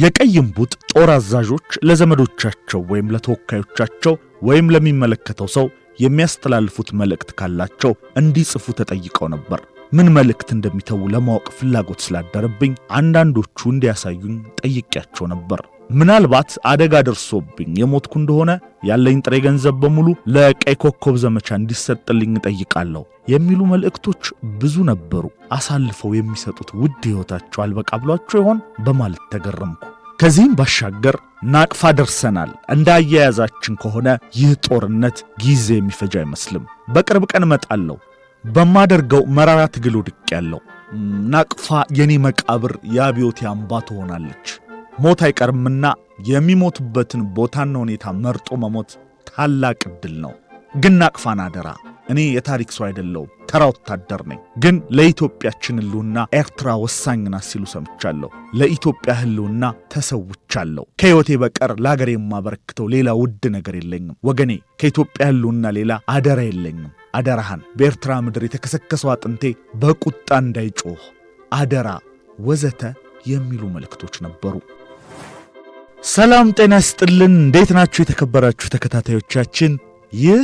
የቀይ እምቡጥ ጦር አዛዦች ለዘመዶቻቸው ወይም ለተወካዮቻቸው ወይም ለሚመለከተው ሰው የሚያስተላልፉት መልእክት ካላቸው እንዲጽፉ ተጠይቀው ነበር። ምን መልእክት እንደሚተዉ ለማወቅ ፍላጎት ስላደረብኝ አንዳንዶቹ እንዲያሳዩኝ ጠይቄያቸው ነበር። ምናልባት አደጋ ደርሶብኝ የሞትኩ እንደሆነ ያለኝ ጥሬ ገንዘብ በሙሉ ለቀይ ኮከብ ዘመቻ እንዲሰጥልኝ እጠይቃለሁ የሚሉ መልእክቶች ብዙ ነበሩ። አሳልፈው የሚሰጡት ውድ ሕይወታቸው አልበቃ ብሏቸው ይሆን በማለት ተገረምኩ። ከዚህም ባሻገር ናቅፋ ደርሰናል። እንደ አያያዛችን ከሆነ ይህ ጦርነት ጊዜ የሚፈጅ አይመስልም። በቅርብ ቀን እመጣለሁ። በማደርገው መራራ ትግል ያለው ናቅፋ የኔ መቃብር የአብዮቴ አምባ ትሆናለች። ሞት አይቀርምና የሚሞትበትን ቦታና ሁኔታ መርጦ መሞት ታላቅ ዕድል ነው። ግን ናቅፋን አደራ። እኔ የታሪክ ሰው አይደለውም ተራ ወታደር ነኝ። ግን ለኢትዮጵያችን ህልውና ኤርትራ ወሳኝ ናት ሲሉ ሰምቻለሁ። ለኢትዮጵያ ህልውና ተሰውቻለሁ። ከሕይወቴ በቀር ለአገሬ የማበረክተው ሌላ ውድ ነገር የለኝም። ወገኔ፣ ከኢትዮጵያ ህልውና ሌላ አደራ የለኝም። አደራህን በኤርትራ ምድር የተከሰከሰው አጥንቴ በቁጣ እንዳይጮህ አደራ፣ ወዘተ የሚሉ መልእክቶች ነበሩ። ሰላም ጤና ይስጥልን። እንዴት ናችሁ የተከበራችሁ ተከታታዮቻችን? ይህ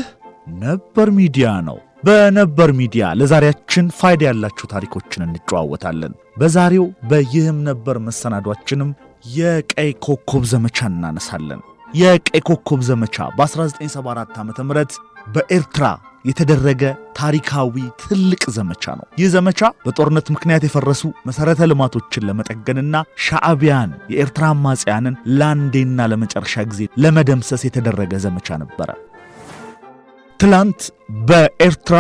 ነበር ሚዲያ ነው። በነበር ሚዲያ ለዛሬያችን ፋይዳ ያላችሁ ታሪኮችን እንጨዋወታለን። በዛሬው በይህም ነበር መሰናዷችንም የቀይ ኮከብ ዘመቻ እናነሳለን። የቀይ ኮከብ ዘመቻ በ1974 ዓ ም በኤርትራ የተደረገ ታሪካዊ ትልቅ ዘመቻ ነው። ይህ ዘመቻ በጦርነት ምክንያት የፈረሱ መሠረተ ልማቶችን ለመጠገንና ሻዕቢያን የኤርትራ አማጽያንን ለአንዴና ለመጨረሻ ጊዜ ለመደምሰስ የተደረገ ዘመቻ ነበረ። ትላንት በኤርትራ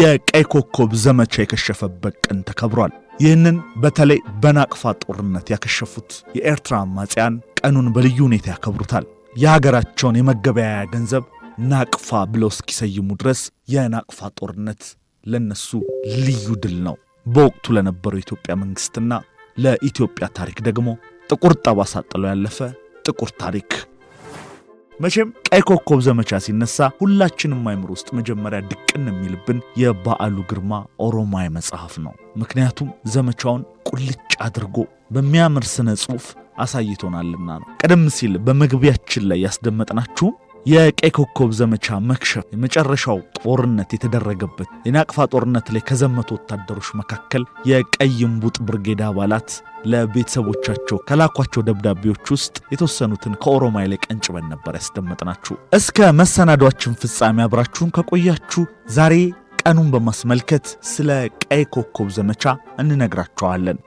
የቀይ ኮከብ ዘመቻ የከሸፈበት ቀን ተከብሯል። ይህንን በተለይ በናቅፋ ጦርነት ያከሸፉት የኤርትራ አማጽያን ቀኑን በልዩ ሁኔታ ያከብሩታል። የሀገራቸውን የመገበያያ ገንዘብ ናቅፋ ብለው እስኪሰይሙ ድረስ የናቅፋ ጦርነት ለነሱ ልዩ ድል ነው። በወቅቱ ለነበረው የኢትዮጵያ መንግስትና ለኢትዮጵያ ታሪክ ደግሞ ጥቁር ጠባሳ ጥሎ ያለፈ ጥቁር ታሪክ። መቼም ቀይ ኮከብ ዘመቻ ሲነሳ ሁላችንም አይምሮ ውስጥ መጀመሪያ ድቅን የሚልብን የበዓሉ ግርማ ኦሮማይ መጽሐፍ ነው። ምክንያቱም ዘመቻውን ቁልጭ አድርጎ በሚያምር ስነ ጽሑፍ አሳይቶናልና ነው። ቀደም ሲል በመግቢያችን ላይ ያስደመጥናችሁም የቀይ ኮከብ ዘመቻ መክሸፍ የመጨረሻው ጦርነት የተደረገበት የናቅፋ ጦርነት ላይ ከዘመቱ ወታደሮች መካከል የቀይ ንቡጥ ብርጌድ አባላት ለቤተሰቦቻቸው ከላኳቸው ደብዳቤዎች ውስጥ የተወሰኑትን ከኦሮማይ ላይ ቀንጭበን ነበር ያስደመጥናችሁ። እስከ መሰናዷችን ፍጻሜ አብራችሁን ከቆያችሁ ዛሬ ቀኑን በማስመልከት ስለ ቀይ ኮከብ ዘመቻ እንነግራችኋለን።